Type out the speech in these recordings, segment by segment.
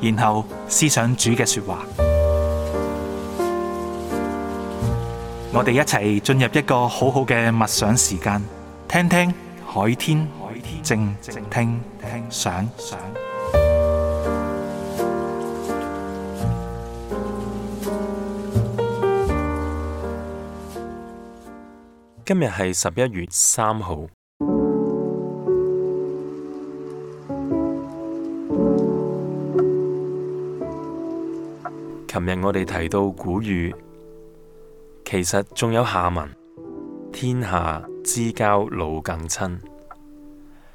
然後思想主嘅說話，嗯、我哋一齊進入一個好好嘅默想時間，聽聽海天，海天靜靜聽聽想。今日係十一月三號。尋日我哋提到古語，其實仲有下文：天下之交老更親，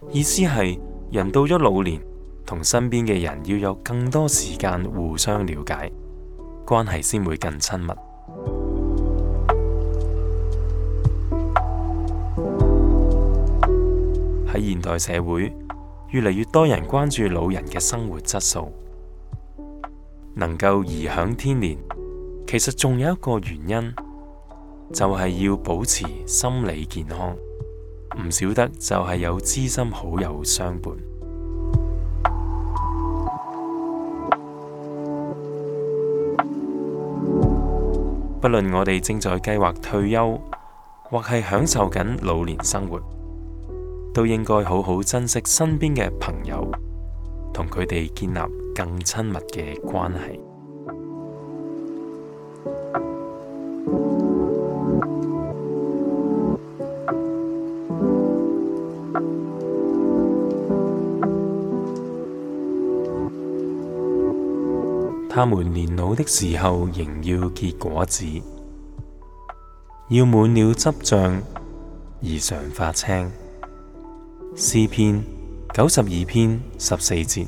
意思係人到咗老年，同身邊嘅人要有更多時間互相了解，關係先會更親密。喺現代社會，越嚟越多人關注老人嘅生活質素。能夠頤享天年，其實仲有一個原因，就係、是、要保持心理健康。唔少得就係有知心好友相伴。 不論我哋正在計劃退休，或係享受緊老年生活，都應該好好珍惜身邊嘅朋友，同佢哋建立。更親密嘅關係。他們年老的時候仍要結果子，要滿了汁漿而常發青。詩篇九十二篇十四節。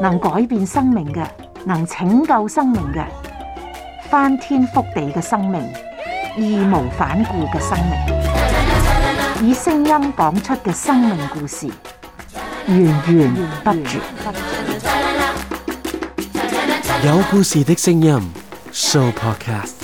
能改變生命嘅，能拯救生命嘅，翻天覆地嘅生命，義無反顧嘅生命，以聲音講出嘅生命故事，源源不絕。有故事的聲音，Sooo Podcast。